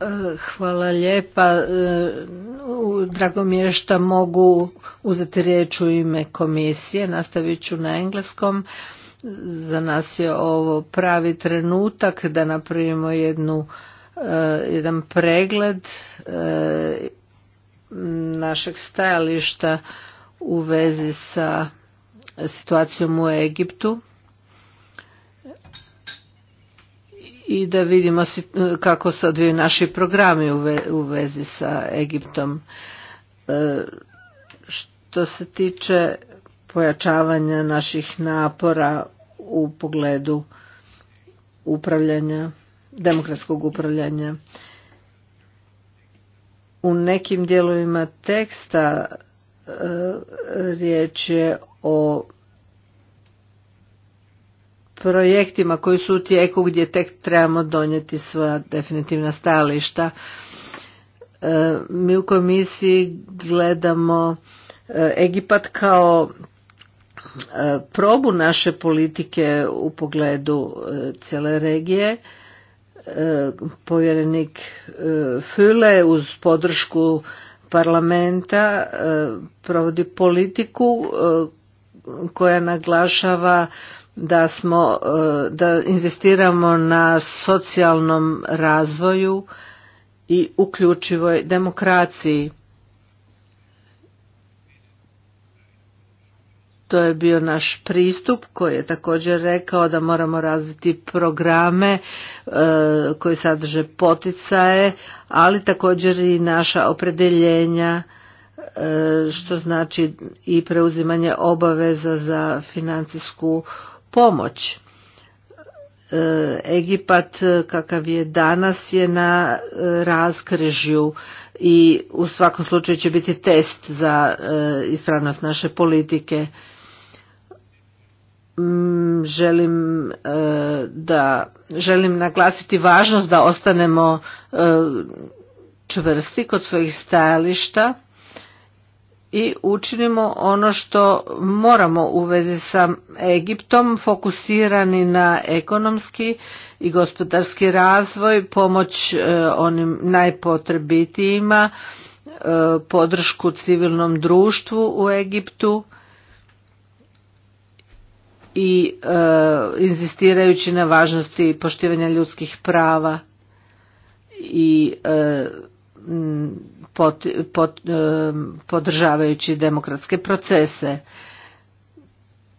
Eh, hvala lijepa. Eh, drago mi je što mogu uzeti riječ u ime komisije. Nastavit ću na engleskom. Za nas je ovo pravi trenutak da napravimo jednu, eh, jedan pregled našeg stajališta u vezi sa situacijom u Egiptu. i da vidimo e, kako se odvijaju naši programi u vezi sa Egiptom. E, što se tiče pojačavanja naših napora u pogledu upravljanja, demokratskog upravljanja. U nekim dijelovima teksta e, riječ je o projektima koji su u tijeku gdje tek trebamo donijeti svoja definitivna stajališta. E, mi u komisiji gledamo e, Egipat kao e, probu naše politike u pogledu cijele regije. Povjerenik Füle uz podršku parlamenta provodi politiku koja naglašava da smo e, da inzistiramo na socijalnom razvoju i uključivoj demokraciji to je bio naš pristup koji je također rekao da moramo razviti programe e, koji sadrže poticaje ali također i naša opredeljenja e, što znači i preuzimanje obaveza za financijsku pomoć. E, Egipat e, kakav je danas je na e, raskrižju i u svakom slučaju će biti test za ispravnost naše politike. Mm, želim da želim naglasiti važnost da ostanemo čvrsti kod svojih stajališta i učinimo ono što moramo u vezi sa Egiptom, fokusirani na ekonomski i gospodarski razvoj, pomoć e, onim najpotrebitijima, e, podršku civilnom društvu u Egiptu i e, inzistirajući na važnosti poštivanja ljudskih prava i E, podržavajući demokratske procese.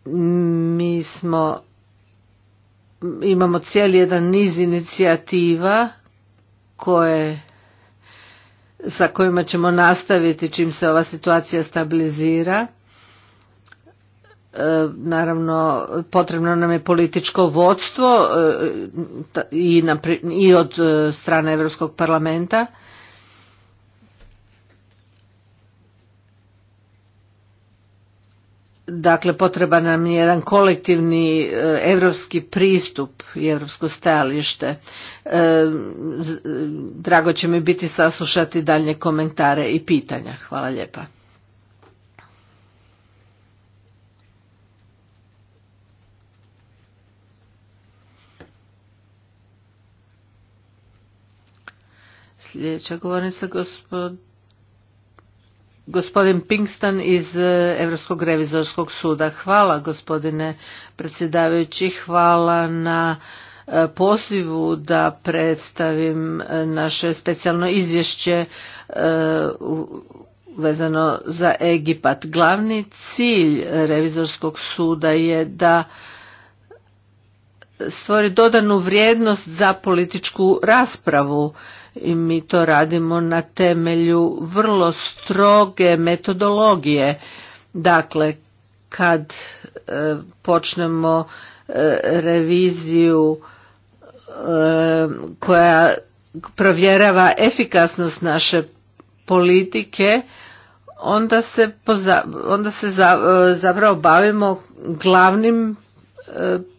Mi smo imamo cijeli jedan niz inicijativa koje sa kojima ćemo nastaviti čim se ova situacija stabilizira. E, naravno, potrebno nam je političko vodstvo e, i od strane Europskog parlamenta. Dakle, potreba nam je jedan kolektivni europski pristup i europsko stajalište. E, e, drago će mi biti saslušati dalje komentare i pitanja. Hvala lijepa. Sljedeća govornica gospod Gospodin Pinkston iz Europskog revizorskog suda. Hvala gospodine predsjedavajući, hvala na e, pozivu da predstavim e, naše specijalno izvješće e, vezano za Egipat. Glavni cilj revizorskog suda je da stvori dodanu vrijednost za političku raspravu i mi to radimo na temelju vrlo stroge metodologije. Dakle, kad e, počnemo e, reviziju e, koja provjerava efikasnost naše politike, onda se, onda se za, zapravo bavimo glavnim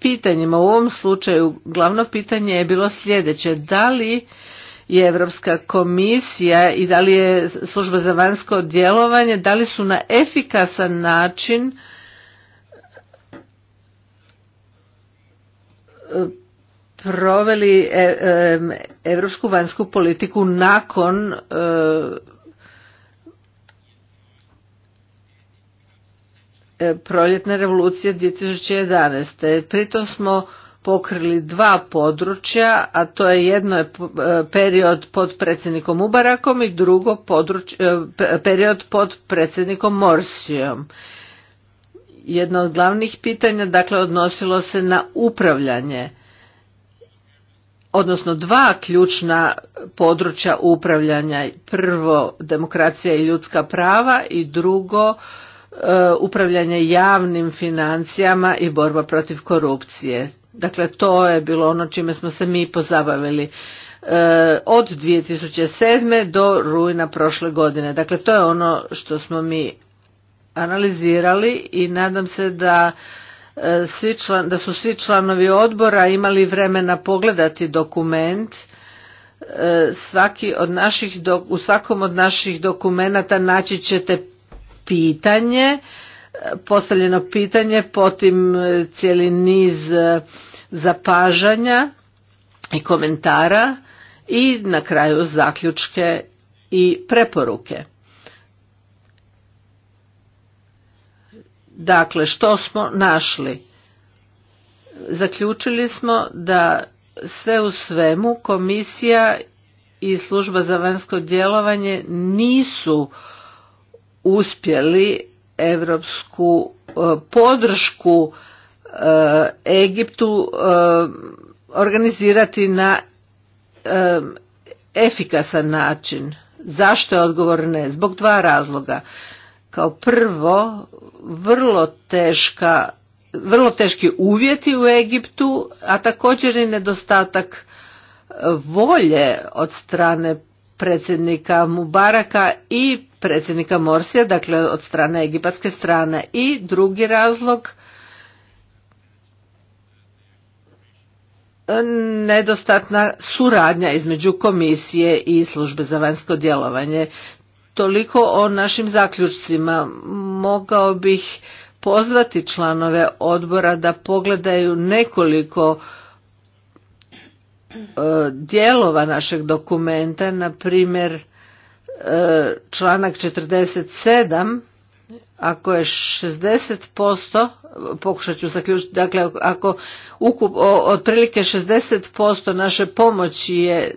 pitanjima. U ovom slučaju glavno pitanje je bilo sljedeće. Da li je Europska komisija i da li je služba za vanjsko djelovanje, da li su na efikasan način e, proveli europsku e, vanjsku politiku nakon e, proljetne revolucije 2011. Pritom smo pokrili dva područja, a to je jedno je e, period pod predsjednikom Ubarakom i drugo e, period pod predsjednikom Morsijom. Jedno od glavnih pitanja dakle odnosilo se na upravljanje odnosno dva ključna područja upravljanja, prvo demokracija i ljudska prava i drugo e, upravljanje javnim financijama i borba protiv korupcije. Dakle, to je bilo ono čime smo se mi pozabavili e, od 2007. do rujna prošle godine. Dakle, to je ono što smo mi analizirali i nadam se da e, svi član, da su svi članovi odbora imali vremena pogledati dokument e, svaki od naših, u svakom od naših dokumenata naći ćete pitanje postavljeno pitanje, potim e, cijeli niz e, zapažanja i komentara i na kraju zaključke i preporuke. Dakle, što smo našli? Zaključili smo da sve u svemu komisija i služba za vanjsko djelovanje nisu uspjeli europsku e, podršku e, Egiptu e, organizirati na efikasan način. Zašto je odgovor ne? Zbog dva razloga. Kao prvo, vrlo teška vrlo teški uvjeti u Egiptu, a također i nedostatak volje od strane predsjednika Mubaraka i predsjednika Morsija, dakle od strane egipatske strane. I drugi razlog, nedostatna suradnja između komisije i službe za vanjsko djelovanje. Toliko o našim zaključcima. Mogao bih pozvati članove odbora da pogledaju nekoliko E, dijelova našeg dokumenta, na primjer e, članak 47, ako je 60%, pokušat ću zaključiti, dakle ako ukup, otprilike 60% naše pomoći je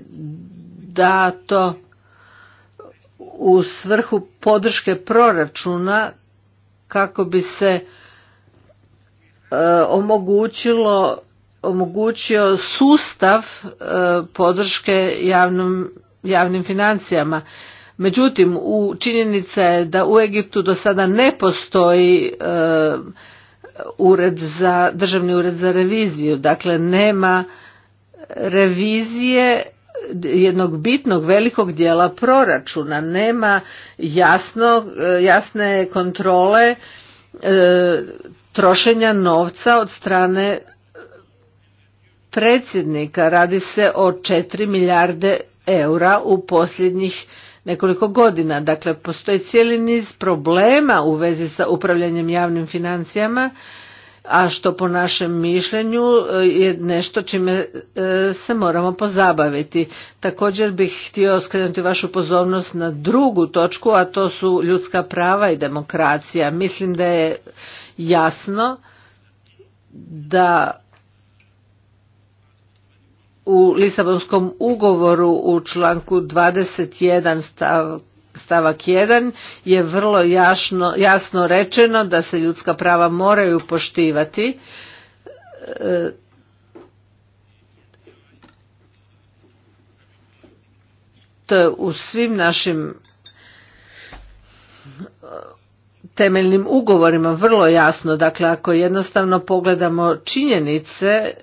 dato u svrhu podrške proračuna kako bi se e, omogućilo omogućio sustav e, podrške javnom, javnim financijama. Međutim, u činjenica je da u Egiptu do sada ne postoji e, ured za, državni ured za reviziju, dakle nema revizije jednog bitnog velikog dijela proračuna, nema jasno, e, jasne kontrole trošenja novca od strane predsjednika. Radi se o 4 milijarde eura u posljednjih nekoliko godina. Dakle, postoji cijeli niz problema u vezi sa upravljanjem javnim financijama, a što po našem mišljenju e, je nešto čime e, se moramo pozabaviti. Također bih htio skrenuti vašu pozornost na drugu točku, a to su ljudska prava i demokracija. Mislim da je jasno da u Lisabonskom ugovoru u članku 21 stav, stavak 1 je vrlo jasno, jasno rečeno da se ljudska prava moraju poštivati. E, to je u svim našim e, temeljnim ugovorima vrlo jasno. Dakle, ako jednostavno pogledamo činjenice e,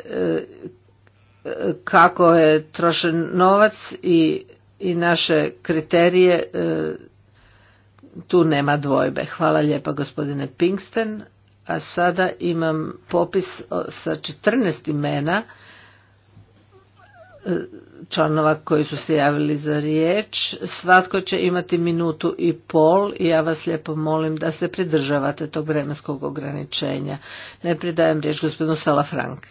kako je trošen novac i, i naše kriterije e, tu nema dvojbe. Hvala lijepa gospodine Pinksten. A sada imam popis sa 14 imena e, članova koji su se javili za riječ. Svatko će imati minutu i pol i ja vas lijepo molim da se pridržavate tog vremenskog ograničenja. Ne pridajem riječ gospodinu frank.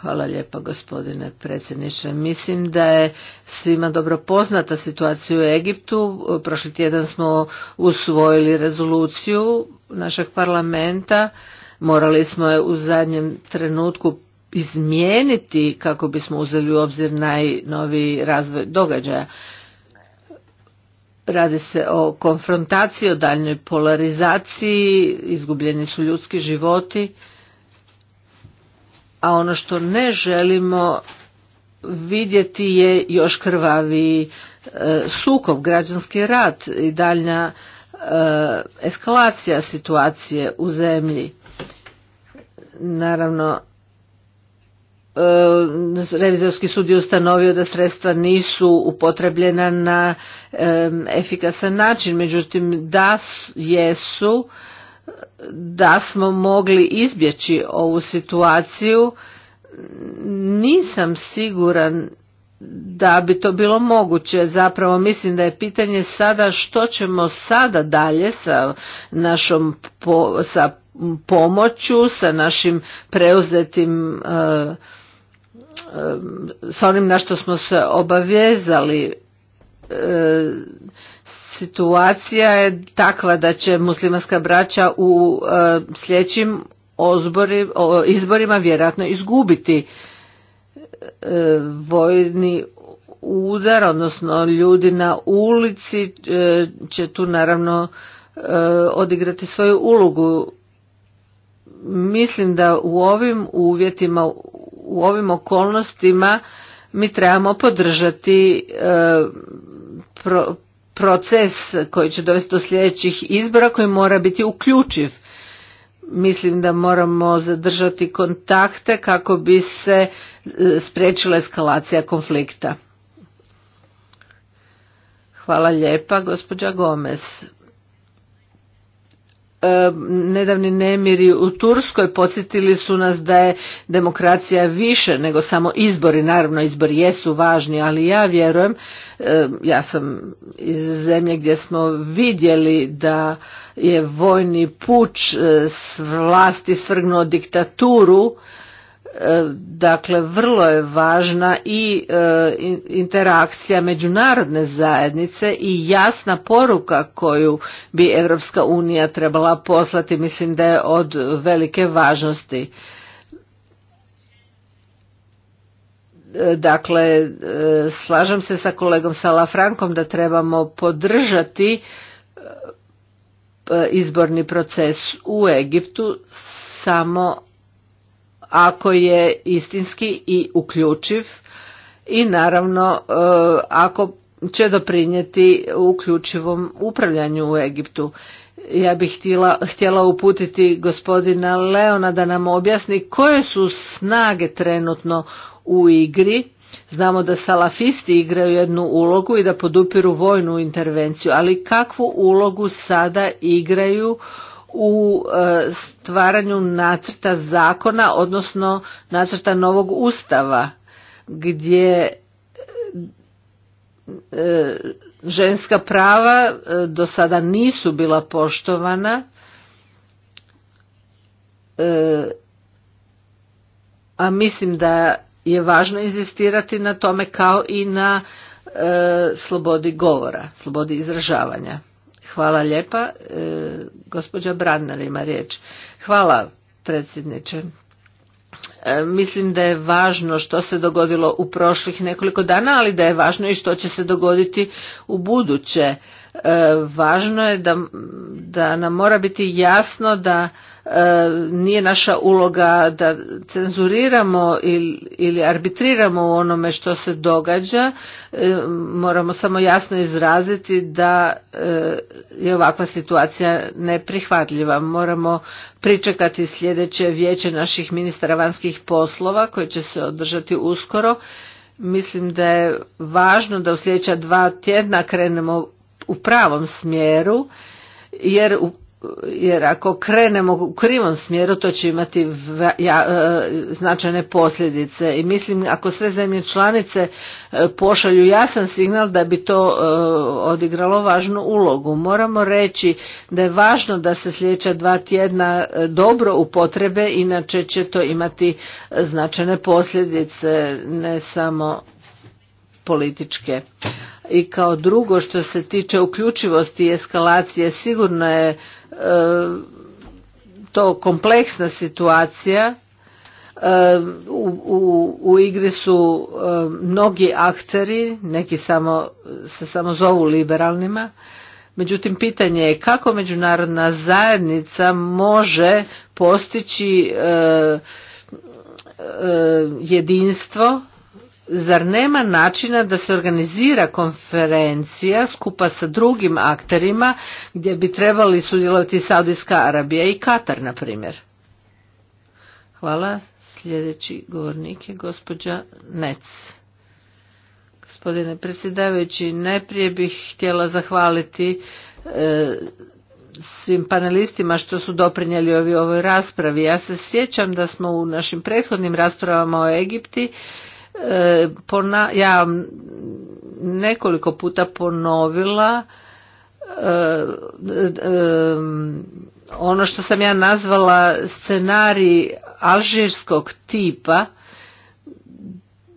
Hvala lijepa gospodine predsjedniče. Mislim da je svima dobro poznata situacija u Egiptu. Prošli tjedan smo usvojili rezoluciju našeg parlamenta. Morali smo je u zadnjem trenutku izmijeniti kako bismo uzeli u obzir najnoviji razvoj događaja. Radi se o konfrontaciji, o daljnjoj polarizaciji, izgubljeni su ljudski životi a ono što ne želimo vidjeti je još krvaviji e, sukob, građanski rat i daljnja e, eskalacija situacije u zemlji. Naravno, e, revizorski sud je ustanovio da sredstva nisu upotrebljena na efikasan način, međutim da jesu da smo mogli izbjeći ovu situaciju nisam siguran da bi to bilo moguće. Zapravo mislim da je pitanje sada što ćemo sada dalje sa našom sa pomoću, sa našim preuzetim e, e, sa onim na što smo se obavezali e, situacija je takva da će muslimanska braća u e, sljedećim izborima vjerojatno izgubiti e, vojni udar, odnosno ljudi na ulici e, će tu naravno odigrati svoju ulogu. Mislim da u ovim uvjetima, u ovim okolnostima mi trebamo podržati proces koji će dovesti do sljedećih izbora koji mora biti uključiv. Mislim da moramo zadržati kontakte kako bi se e, spriječila eskalacija konflikta. Hvala lijepa, gospođa Gomez nedavni nemiri u Turskoj podsjetili su nas da je demokracija više nego samo izbori. Naravno, izbori jesu važni, ali ja vjerujem, ja sam iz zemlje gdje smo vidjeli da je vojni puč eh, s vlasti svrgnuo diktaturu, E, dakle, vrlo je važna i e, interakcija međunarodne zajednice i jasna poruka koju bi Europska unija trebala poslati, mislim da je od velike važnosti. E, dakle, slažem se sa kolegom Salafrankom da trebamo podržati izborni proces u Egiptu samo ako je istinski i uključiv i naravno e, ako će doprinijeti uključivom upravljanju u Egiptu. Ja bih htjela, htjela uputiti gospodina Leona da nam objasni koje su snage trenutno u igri. Znamo da salafisti igraju jednu ulogu i da podupiru vojnu intervenciju, ali kakvu ulogu sada igraju u e, stvaranju nacrta zakona, odnosno nacrta novog ustava, gdje e, ženska prava e, do sada nisu bila poštovana, a mislim da je važno inzistirati na tome kao i na slobodi govora, slobodi izražavanja. Hvala lijepa. E, gospođa ima riječ. Hvala predsjedniče. E, mislim da je važno što se dogodilo u prošlih nekoliko dana, ali da je važno i što će se dogoditi u buduće. E, važno je da nam mora biti jasno da E, nije naša uloga da cenzuriramo ili arbitriramo u onome što se događa. E, moramo samo jasno izraziti da e, je ovakva situacija neprihvatljiva. Moramo pričekati sljedeće vijeće naših ministara vanjskih poslova koje će se održati uskoro. Mislim da je važno da u sljedeća dva tjedna krenemo u pravom smjeru jer u jer ako krenemo u krivom smjeru to će imati e, značajne posljedice i mislim ako sve zemlje članice e, pošalju jasan signal da bi to e, odigralo važnu ulogu. Moramo reći da je važno da se sljedeća dva tjedna dobro upotrebe, inače će to imati značajne posljedice, ne samo političke. I kao drugo što se tiče uključivosti i eskalacije, sigurno je E, to kompleksna situacija e, u, u, u igri su e, mnogi akteri neki samo se samo zovu liberalnima međutim pitanje je kako međunarodna zajednica može postići jedinstvo zar nema načina da se organizira konferencija skupa sa drugim akterima gdje bi trebali sudjelovati Saudijska Arabija i Katar, na primjer? Hvala. Sljedeći govornik je gospođa Nec. Gospodine predsjedavajući, najprije bih htjela zahvaliti e, svim panelistima što su doprinijeli ovi ovoj raspravi. Ja se sjećam da smo u našim prethodnim raspravama o Egipti pona, ja nekoliko puta ponovila e, e, ono što sam ja nazvala scenarij alžirskog tipa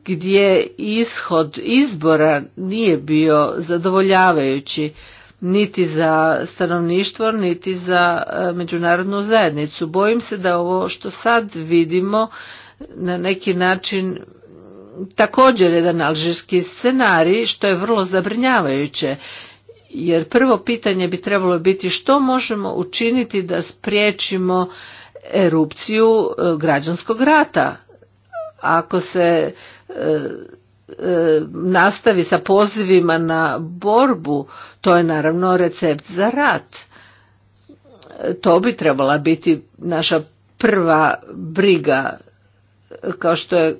gdje ishod izbora nije bio zadovoljavajući niti za stanovništvo niti za e, međunarodnu zajednicu bojim se da ovo što sad vidimo na neki način također jedan alžirski scenarij što je vrlo zabrinjavajuće jer prvo pitanje bi trebalo biti što možemo učiniti da spriječimo erupciju e, građanskog rata ako se e, e, nastavi sa pozivima na borbu to je naravno recept za rat to bi trebala biti naša prva briga kao što je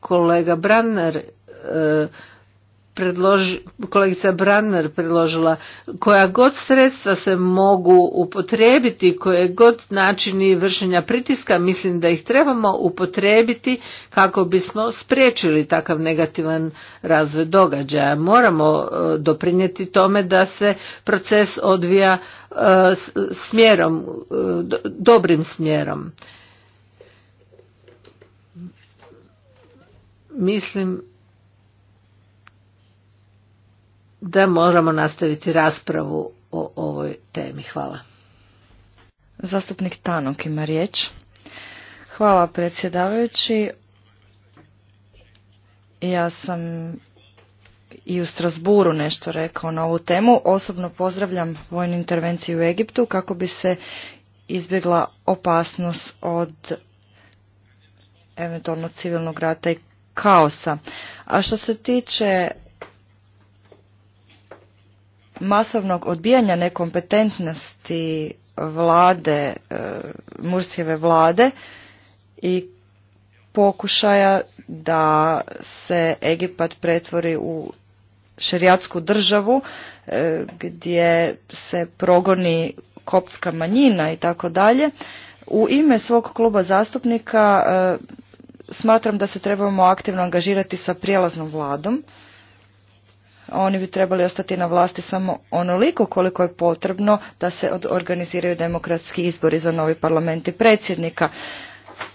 kolega Branner e, predloži, kolegica Branner predložila, koja god sredstva se mogu upotrijebiti, koje god načini vršenja pritiska, mislim da ih trebamo upotrijebiti kako bismo spriječili takav negativan razvoj događaja. Moramo e, doprinijeti tome da se proces odvija e, smjerom, dobrim smjerom. Mislim da moramo nastaviti raspravu o ovoj temi. Hvala. Zastupnik Tanok ima riječ. Hvala predsjedavajući. Ja sam i u Strasburu nešto rekao na ovu temu. Osobno pozdravljam vojnu intervenciju u Egiptu kako bi se izbjegla opasnost od eventualno civilnog rata i kaosa. A što se tiče masovnog odbijanja nekompetentnosti vlade, e, Mursijeve vlade i pokušaja da se Egipat pretvori u šerijatsku državu e, gdje se progoni kopska manjina i tako dalje. U ime svog kluba zastupnika e, smatram da se trebamo aktivno angažirati sa prijelaznom vladom. Oni bi trebali ostati na vlasti samo onoliko koliko je potrebno da se organiziraju demokratski izbori za novi parlament i predsjednika.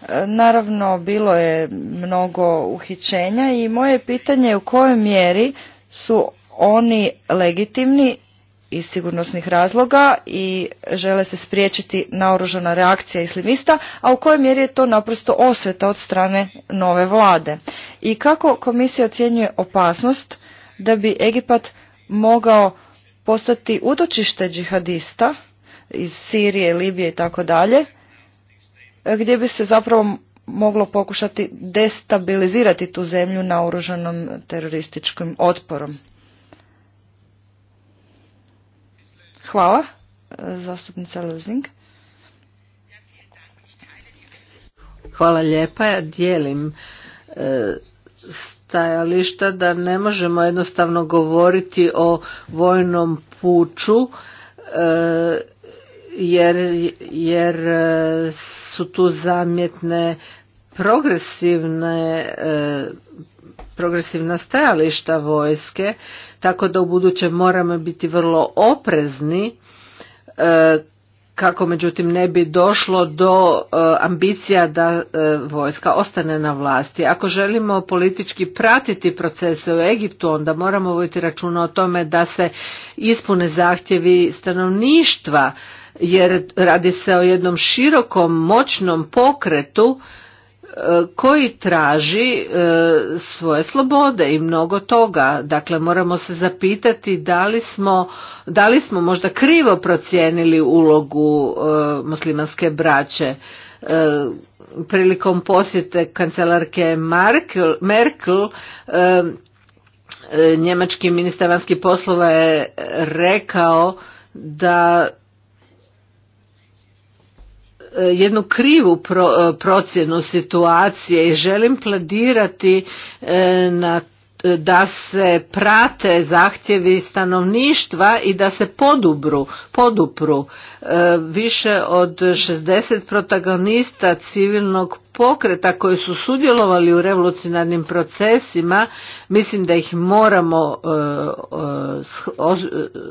E, naravno, bilo je mnogo uhićenja i moje pitanje je u kojoj mjeri su oni legitimni iz sigurnosnih razloga i žele se spriječiti naoružana reakcija islimista, a u kojoj mjeri je to naprosto osveta od strane nove vlade. I kako komisija ocjenjuje opasnost da bi Egipat mogao postati utočište džihadista iz Sirije, Libije i tako dalje, gdje bi se zapravo moglo pokušati destabilizirati tu zemlju naoružanom terorističkim otporom. Hvala, zastupnica Luzing. Hvala lijepa, ja dijelim e, stajališta da ne možemo jednostavno govoriti o vojnom puču e, jer, jer e, su tu zamjetne progresivne progresivna stajališta vojske, tako da u buduće moramo biti vrlo oprezni e, kako međutim ne bi došlo do e, ambicija da e, vojska ostane na vlasti. Ako želimo politički pratiti procese u Egiptu, onda moramo voditi računa o tome da se ispune zahtjevi stanovništva, jer radi se o jednom širokom, moćnom pokretu koji traži e, svoje slobode i mnogo toga. Dakle, moramo se zapitati da li smo, da li smo možda krivo procijenili ulogu e, muslimanske braće e, prilikom posjete kancelarke Merkel, Merkel njemački ministar vanjskih poslova je rekao da jednu krivu e, procjenu situacije i želim pladirati e, na e, da se prate zahtjevi stanovništva i da se podubru, podupru više od 60 protagonista civilnog pokreta koji su sudjelovali u revolucionarnim procesima, mislim da ih moramo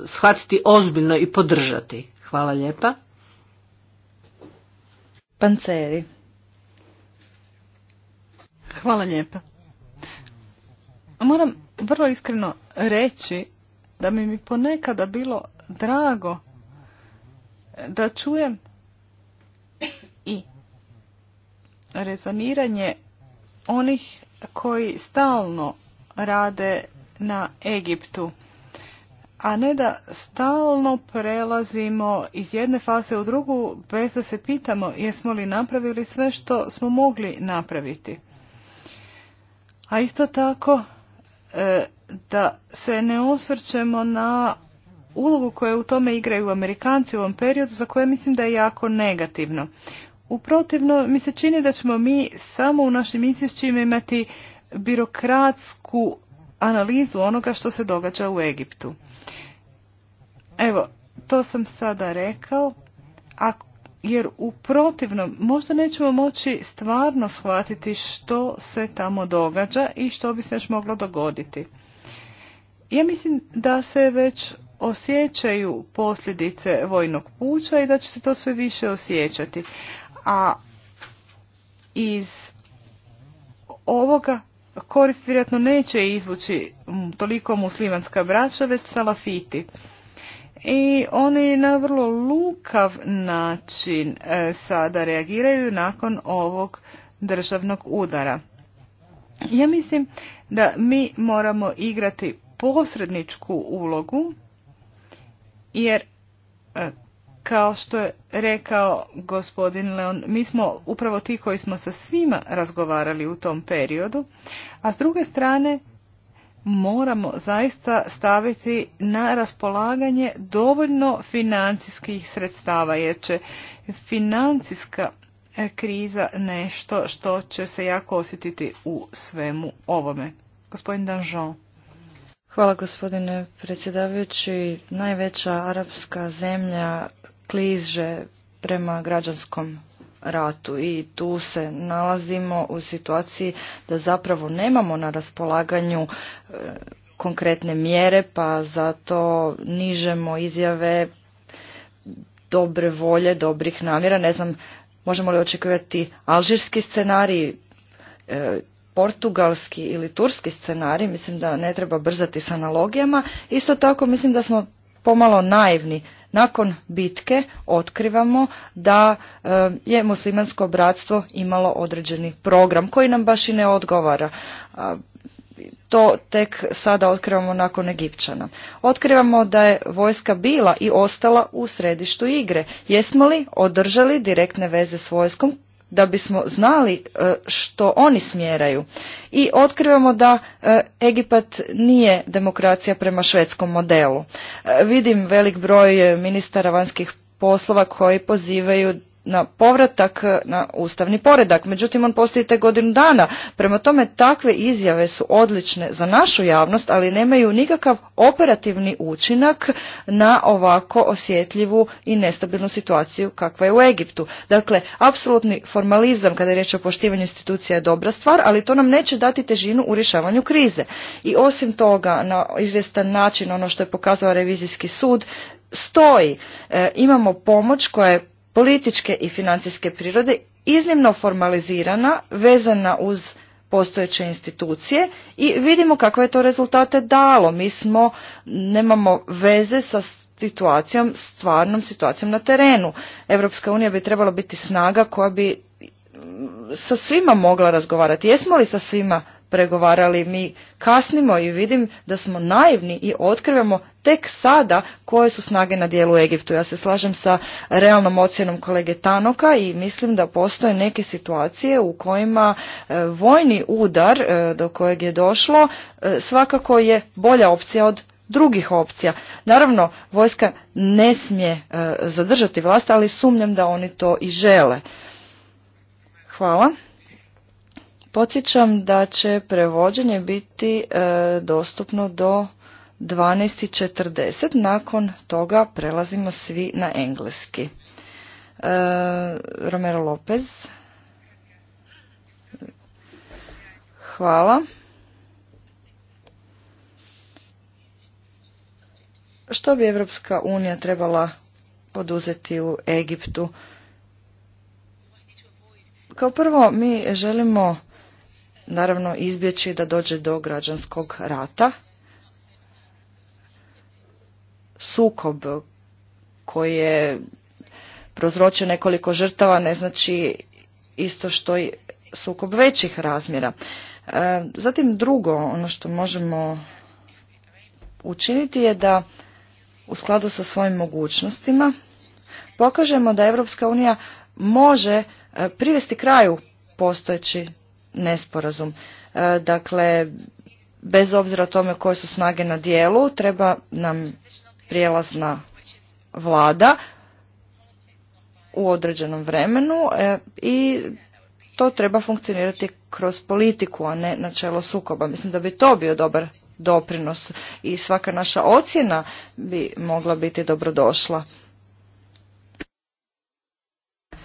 shvatiti ozbiljno i podržati. Hvala lijepa. Panceri. Hvala lijepa. Moram vrlo iskreno reći da mi mi ponekada bilo drago da čujem i rezoniranje onih koji stalno rade na Egiptu a ne da stalno prelazimo iz jedne faze u drugu bez da se pitamo jesmo li napravili sve što smo mogli napraviti. A isto tako e, da se ne osvrćemo na ulogu koju u tome igraju Amerikanci u ovom periodu za koje mislim da je jako negativno. Uprotivno mi se čini da ćemo mi samo u našim izvješćima imati birokratsku analizu onoga što se događa u Egiptu. Evo, to sam sada rekao, a, jer u protivnom možda nećemo moći stvarno shvatiti što se tamo događa i što bi se još moglo dogoditi. Ja mislim da se već osjećaju posljedice vojnog puća i da će se to sve više osjećati. A iz ovoga korist vjerojatno neće izvući toliko muslimanska braća, već salafiti. I oni na vrlo lukav način e, sada reagiraju nakon ovog državnog udara. Ja mislim da mi moramo igrati posredničku ulogu jer e, kao što je rekao gospodin Leon, mi smo upravo ti koji smo sa svima razgovarali u tom periodu, a s druge strane moramo zaista staviti na raspolaganje dovoljno financijskih sredstava, jer će financijska e, kriza nešto što će se jako osjetiti u svemu ovome. Gospodin Danžon. Hvala gospodine predsjedavajući. Najveća arapska zemlja kliže prema građanskom ratu i tu se nalazimo u situaciji da zapravo nemamo na raspolaganju e, konkretne mjere pa zato nižemo izjave dobre volje, dobrih namjera. Ne znam, možemo li očekivati alžirski scenarij, e, portugalski ili turski scenarij, mislim da ne treba brzati s analogijama. Isto tako mislim da smo pomalo naivni nakon bitke otkrivamo da eh, je muslimansko bratstvo imalo određeni program koji nam baš i ne odgovara. Eh, to tek sada otkrivamo nakon Egipćana. Otkrivamo da je vojska bila i ostala u središtu igre. Jesmo li održali direktne veze s vojskom da bismo znali e, što oni smjeraju. I otkrivamo da e, Egipat nije demokracija prema švedskom modelu. E, vidim velik broj ministara vanjskih poslova koji pozivaju na povratak eh, na ustavni poredak. Međutim, on postoji te godinu dana. Prema tome, takve izjave su odlične za našu javnost, ali nemaju nikakav operativni učinak na ovako osjetljivu i nestabilnu situaciju kakva je u Egiptu. Dakle, apsolutni formalizam kada je riječ o poštivanju institucija je dobra stvar, ali to nam neće dati težinu u rješavanju krize. I osim toga, na izvjestan način, ono što je pokazao revizijski sud, stoji. Eh, imamo pomoć koja je političke i financijske prirode iznimno formalizirana, vezana uz postojeće institucije i vidimo kakve je to rezultate dalo. Mi smo, nemamo veze sa situacijom, stvarnom situacijom na terenu. Europska unija bi trebala biti snaga koja bi mm, sa svima mogla razgovarati. Jesmo li sa svima pregovarali. Mi kasnimo i vidim da smo naivni i otkrivamo tek sada koje su snage na dijelu Egiptu. Ja se slažem sa realnom ocjenom kolege Tanoka i mislim da postoje neke situacije u kojima e, vojni udar e, do kojeg je došlo e, svakako je bolja opcija od drugih opcija. Naravno, vojska ne smije zadržati vlast, ali sumnjam da oni to i žele. Hvala. Podsjećam da će prevođenje biti e, dostupno do 12.40, nakon toga prelazimo svi na engleski. E, Romero Lopez. Hvala. Što bi Evropska unija trebala poduzeti u Egiptu? Kao prvo, mi želimo naravno izbjeći da dođe do građanskog rata. Sukob koji je prozročio nekoliko žrtava ne znači isto što i sukob većih razmjera. E, zatim drugo, ono što možemo učiniti je da u skladu sa svojim mogućnostima pokažemo da Europska unija može e, privesti kraju postojeći nesporazum. E, dakle, bez obzira tome koje su snage na dijelu, treba nam prijelazna vlada u određenom vremenu e, i to treba funkcionirati kroz politiku, a ne načelo sukoba. Mislim da bi to bio dobar doprinos i svaka naša ocjena bi mogla biti dobrodošla. E,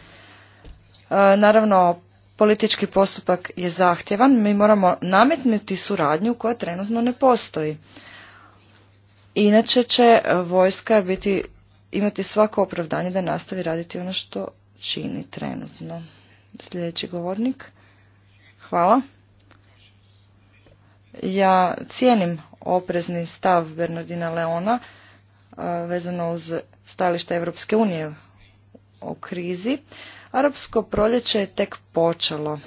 naravno, politički postupak je zahtjevan, mi moramo nametnuti suradnju koja trenutno ne postoji. Inače će e, vojska biti, imati svako opravdanje da nastavi raditi ono što čini trenutno. Sljedeći govornik. Hvala. Ja cijenim oprezni stav Bernardina Leona e, vezano uz stajalište Europske unije o krizi. Arapsko proljeće je tek počelo.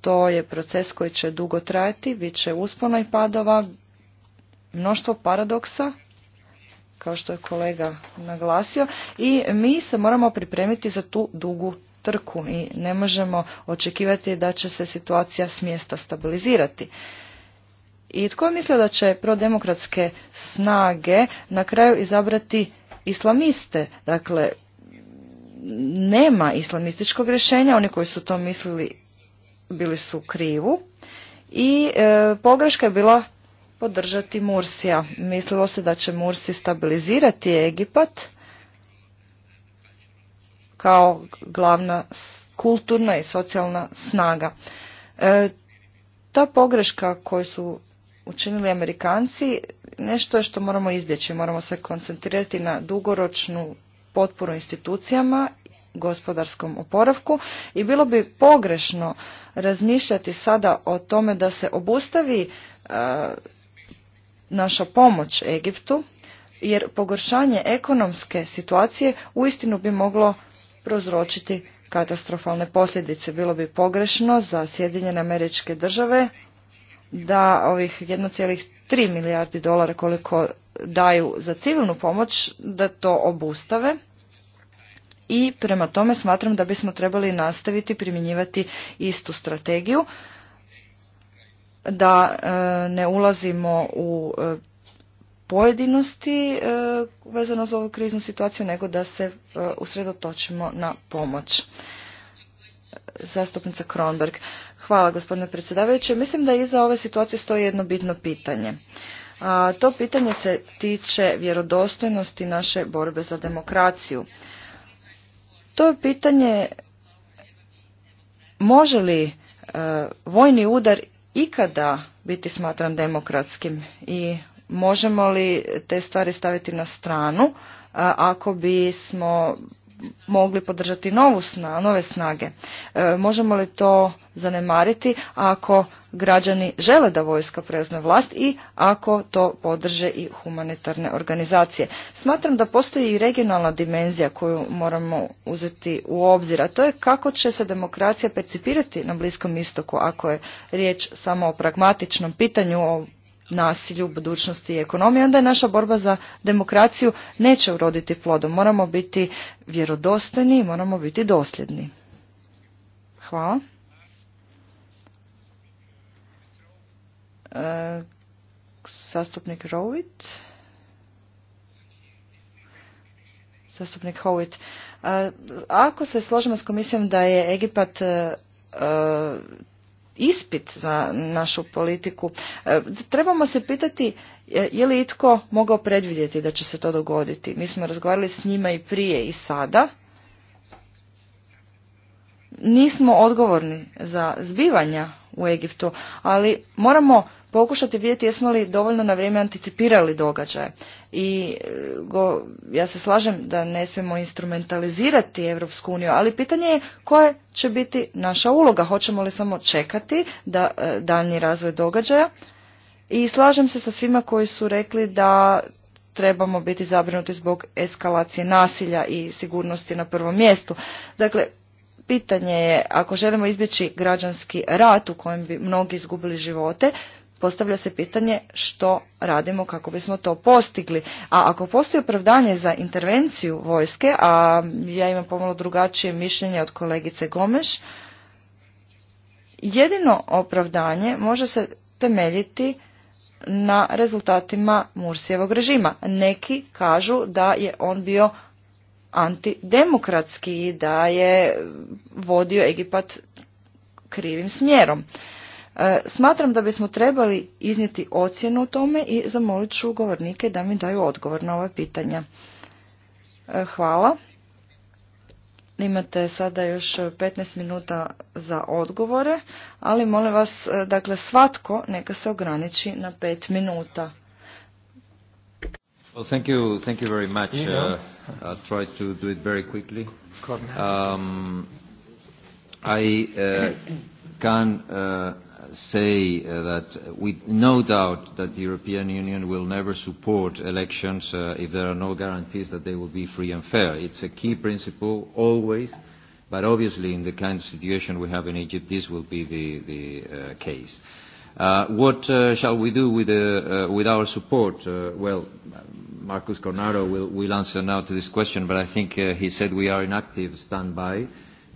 To je proces koji će dugo trajati, bit će uspona i padova, mnoštvo paradoksa, kao što je kolega naglasio, i mi se moramo pripremiti za tu dugu trku i ne možemo očekivati da će se situacija s mjesta stabilizirati. I tko misle da će prodemokratske snage na kraju izabrati islamiste? Dakle, nema islamističkog rješenja, oni koji su to mislili bili su u krivu i e, pogreška je bila podržati Mursija. Mislilo se da će Mursi stabilizirati Egipat kao glavna kulturna i socijalna snaga. E, ta pogreška koju su učinili Amerikanci nešto je što moramo izbjeći. Moramo se koncentrirati na dugoročnu potporu institucijama, gospodarskom oporavku i bilo bi pogrešno razmišljati sada o tome da se obustavi e, naša pomoć Egiptu, jer pogoršanje ekonomske situacije uistinu bi moglo prozročiti katastrofalne posljedice. Bilo bi pogrešno za Sjedinjene američke države da ovih 1,3 milijardi dolara koliko daju za civilnu pomoć da to obustave i prema tome smatram da bismo trebali nastaviti primjenjivati istu strategiju da e, ne ulazimo u e, pojedinosti e, vezano za ovu kriznu situaciju nego da se usredotočimo na pomoć. Zastupnica Kronberg. Hvala gospodine predsjedavajući. Mislim da iza ove situacije stoji jedno bitno pitanje. A to pitanje se tiče vjerodostojnosti naše borbe za demokraciju. To je pitanje može li e, vojni udar ikada biti smatran demokratskim i možemo li te stvari staviti na stranu ako bismo mogli podržati novu sna, nove snage. E, možemo li to zanemariti ako građani žele da vojska preuzme vlast i ako to podrže i humanitarne organizacije. Smatram da postoji i regionalna dimenzija koju moramo uzeti u obzir, a to je kako će se demokracija percipirati na Bliskom istoku ako je riječ samo o pragmatičnom pitanju, o nasilju budućnosti i ekonomiji, onda je naša borba za demokraciju neće uroditi plodom. Moramo biti vjerodostojni i moramo biti dosljedni. Hvala. E, Rowit. E, ako se složimo s komisijom da je Egipat e, ispit za našu politiku. E, trebamo se pitati e, je li itko mogao predvidjeti da će se to dogoditi. Mi smo razgovarali s njima i prije i sada. Nismo odgovorni za zbivanja u Egiptu, ali moramo pokušati vidjeti jesmo li dovoljno na vrijeme anticipirali događaje. I e, go, ja se slažem da ne smijemo instrumentalizirati Europsku uniju, ali pitanje je koja će biti naša uloga. Hoćemo li samo čekati da e, daljnji razvoj događaja? I slažem se sa svima koji su rekli da trebamo biti zabrinuti zbog eskalacije nasilja i sigurnosti na prvom mjestu. Dakle, pitanje je ako želimo izbjeći građanski rat u kojem bi mnogi izgubili živote, postavlja se pitanje što radimo kako bismo to postigli. A ako postoji opravdanje za intervenciju vojske, a ja imam pomalo drugačije mišljenje od kolegice Gomeš, jedino opravdanje može se temeljiti na rezultatima Mursijevog režima. Neki kažu da je on bio antidemokratski i da je vodio Egipat krivim smjerom. E, smatram da bismo trebali iznijeti ocjenu o tome i zamolit ću govornike da mi daju odgovor na ova pitanja. E, hvala. Imate sada još 15 minuta za odgovore, ali molim vas, e, dakle, svatko neka se ograniči na 5 minuta. Well, can uh, say uh, that with no doubt that the European Union will never support elections uh, if there are no guarantees that they will be free and fair. It's a key principle always, but obviously in the kind of situation we have in Egypt, this will be the, the uh, case. Uh, what uh, shall we do with, uh, uh, with our support? Uh, well, Marcus Cornaro will, will answer now to this question, but I think uh, he said we are in active standby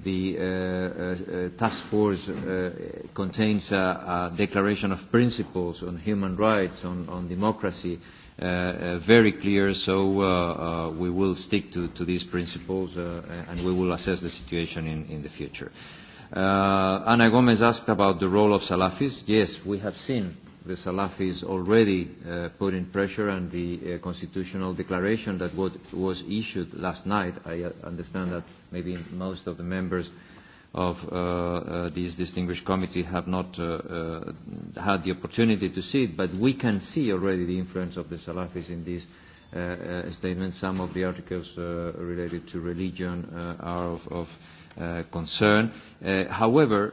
the uh, uh, uh, task force uh, contains a, a declaration of principles on human rights, on, on democracy, uh, uh very clear, so uh, uh, we will stick to, to these principles uh, and we will assess the situation in, in the future. Uh, Ana Gomez asked about the role of Salafis. Yes, we have seen the Salafis already uh, put in pressure and the uh, constitutional declaration that what was issued last night, I uh, understand that maybe most of the members of uh, uh, this distinguished committee have not uh, uh, had the opportunity to see it, but we can see already the influence of the Salafis in this uh, uh, statement. Some of the articles uh, related to religion uh, are of, of uh, concern. Uh, however,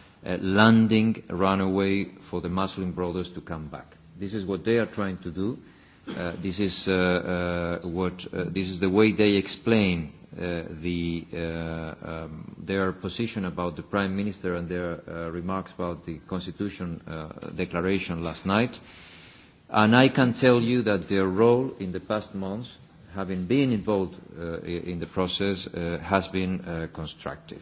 uh, landing runaway for the Muslim brothers to come back. This is what they are trying to do. Uh, this is uh, uh, what this is the way they explain the um, their position about the prime minister and their remarks about the constitution declaration last night and i can tell you that their role in the past months having been involved in the process has been constructive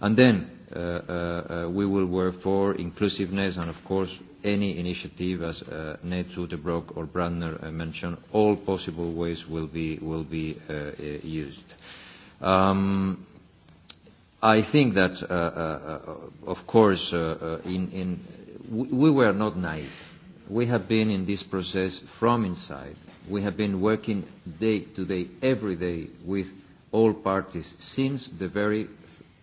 And then uh, uh, uh, we will work for inclusiveness and, of course, any initiative, as uh, Ned Zutebrock or Brandner uh, mentioned, all possible ways will be, will be uh, used. Um, I think that, of course, in, in, we were not naive. We have been in this process from inside. We have been working day to day, every day, with all parties since the very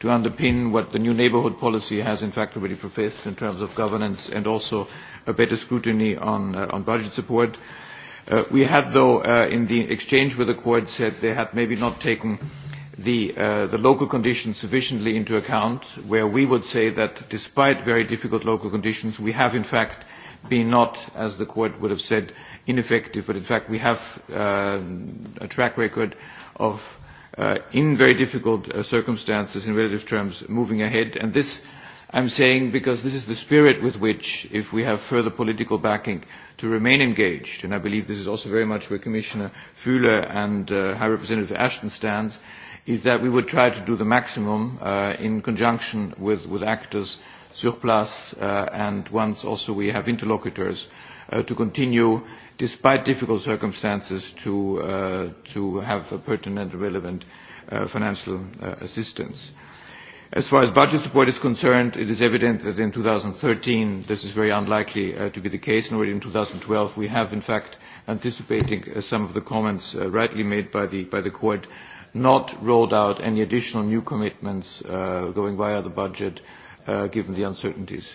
to underpin what the new neighbourhood policy has in fact already professed in terms of governance and also a better scrutiny on, uh, on budget support. Uh, we had, though, uh, in the exchange with the court said they had maybe not taken the, the local conditions sufficiently into account, where we would say that despite very difficult local conditions, we have in fact been not, as the court would have said, ineffective, but in fact we have a track record of Uh, in very difficult uh, circumstances in relative terms moving ahead. And this I'm saying because this is the spirit with which, if we have further political backing, to remain engaged. And I believe this is also very much where Commissioner Fühler and uh, High Representative Ashton stands, is that we would try to do the maximum in conjunction with, with actors sur place and once also we have interlocutors Uh, to continue despite difficult circumstances to, uh, to have pertinent and relevant uh, financial assistance. As far as budget support is concerned, it is evident that in 2013 this is very unlikely to be the case, and already in 2012 we have in fact, anticipating some of the comments rightly made by the, by the Court, not rolled out any additional new commitments going via the budget given the uncertainties.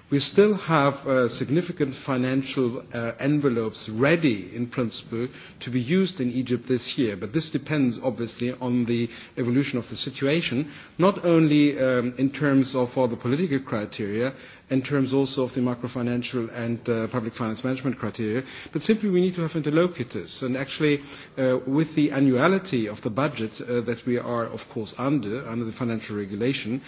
We still have uh, significant financial uh, envelopes ready in principle to be used in Egypt this year, but this depends obviously on the evolution of the situation, not only um, in terms of all the political criteria, in terms also of the macrofinancial and uh, public finance management criteria, but simply we need to have interlocutors. And actually, uh, with the annuality of the budget uh, that we are, of course, under, under the financial regulation,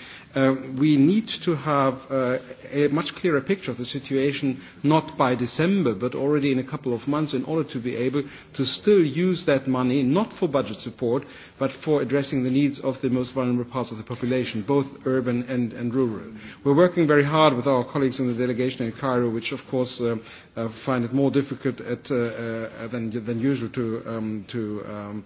we need to have a much clearer picture of the situation, not by December, but already in a couple of months, in order to be able to still use that money, not for budget support, but for addressing the needs of the most vulnerable parts of the population, both urban and, and rural. We're working very hard with our colleagues in the delegation in Cairo, which of course um, uh, find it more difficult at, uh, uh, than, than usual to, um, to um,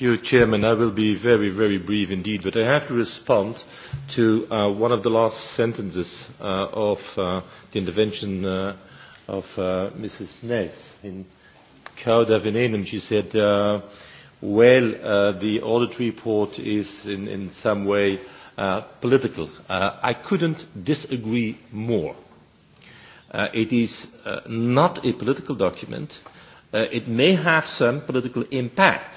Mr Chairman, I will be very, very brief indeed, but I have to respond to uh, one of the last sentences uh, of uh, the intervention of Mrs. Ness. In Cauda Venenum, she said, well, the audit report is in, in some way political. I couldn't disagree more. It is not a political document. It may have some political impact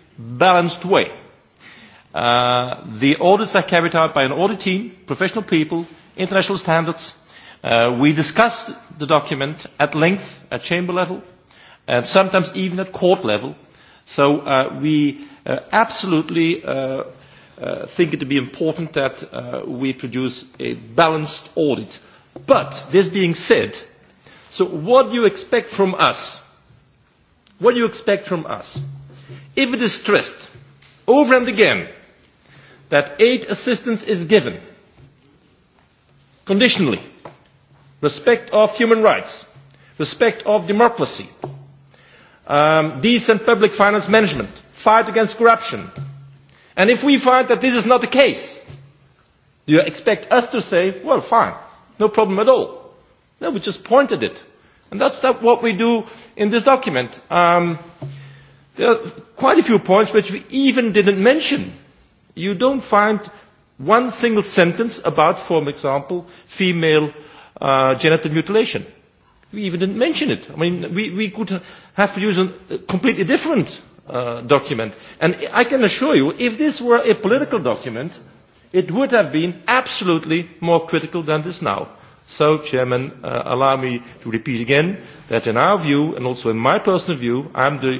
balanced way. Uh, the audits are carried out by an audit team, professional people, international standards. Uh, we discuss the document at length at chamber level and sometimes even at court level. So uh, we absolutely think it to be important that we produce a balanced audit. But this being said, so what do you expect from us? What do you expect from us? if it is stressed over and again that aid assistance is given conditionally respect of human rights respect of democracy um, decent public finance management fight against corruption and if we find that this is not the case do you expect us to say well fine no problem at all no we just pointed it and that's not what we do in this document um, There are quite a few points which we even didn't mention. You don't find one single sentence about, for example, female uh, genital mutilation. We even didn't mention it. I mean, we, we could have used a completely different uh, document. And I can assure you, if this were a political document, it would have been absolutely more critical than this now. So, Chairman, uh, allow me to repeat again that in our view, and also in my personal view, I'm the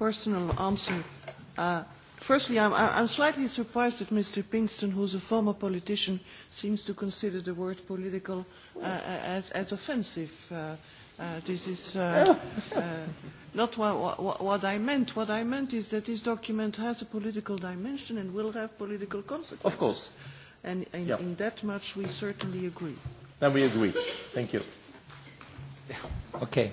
personal answer. Uh, firstly, I'm, I'm slightly surprised that Mr. Pinkston, who's a former politician, seems to consider the word political uh, uh as, as offensive. Uh, Uh, this is uh, uh, not what, what, I meant. What I meant is that this document has a political dimension and will have political consequences. Of course. And in, in that much we certainly agree. Then we agree. Thank you. Okay.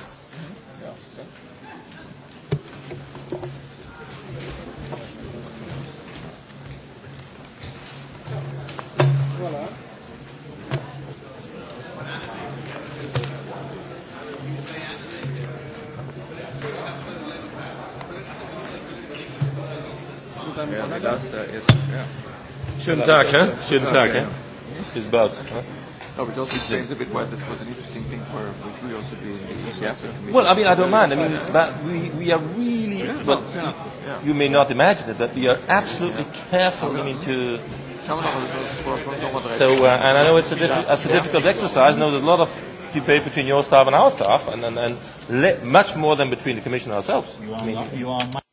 das da Ja. Schönen Tag, hä? Schönen Tag, hä? Bis bald. No, but also seems a bit why this was an interesting thing for which we also be in the Well, I mean, I don't mind. I mean, but we, we are really, yeah, but yeah, yeah. you may not imagine it, but we are absolutely yeah. careful, I mean, to... So, uh, and I know it's a, diffi it's a difficult exercise. I know there's a lot of debate between your staff and our staff, and, and, and much more than between the Commission ourselves. You are, I mean, you are